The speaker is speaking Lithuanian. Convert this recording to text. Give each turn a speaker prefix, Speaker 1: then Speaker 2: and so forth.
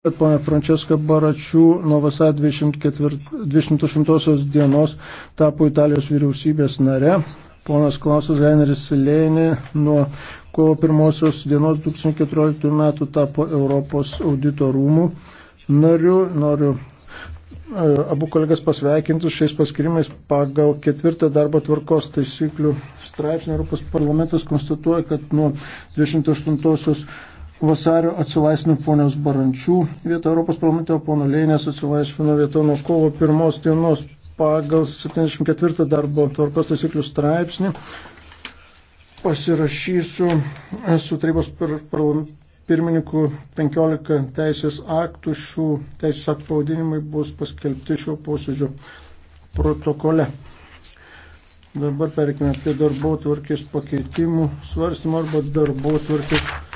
Speaker 1: kad ponė Franceska Baračių nuo vasario 28 dienos tapo Italijos vyriausybės nare. Ponas Klausas Reineris Lėnė nuo kovo 1 dienos 2014 metų tapo Europos audito rūmų nariu. Noriu e, abu kolegas pasveikinti šiais paskirimais pagal ketvirtą darbo tvarkos taisyklių straipsnį. Europos parlamentas konstatuoja, kad nuo 28 vasario atsilaisvino ponios Barančių vietą Europos parlamente, o pono Leinės atsilaisvino vietą nuo kovo pirmos dienos pagal 74 darbo tvarkos taisyklių straipsnį. Pasirašysiu su tarybos per, per, pirmininku 15 teisės aktų, šių teisės aktų pavadinimai bus paskelbti šio posėdžio protokole. Dabar perkime prie darbo tvarkės pakeitimų svarstymą
Speaker 2: arba darbo tvarkės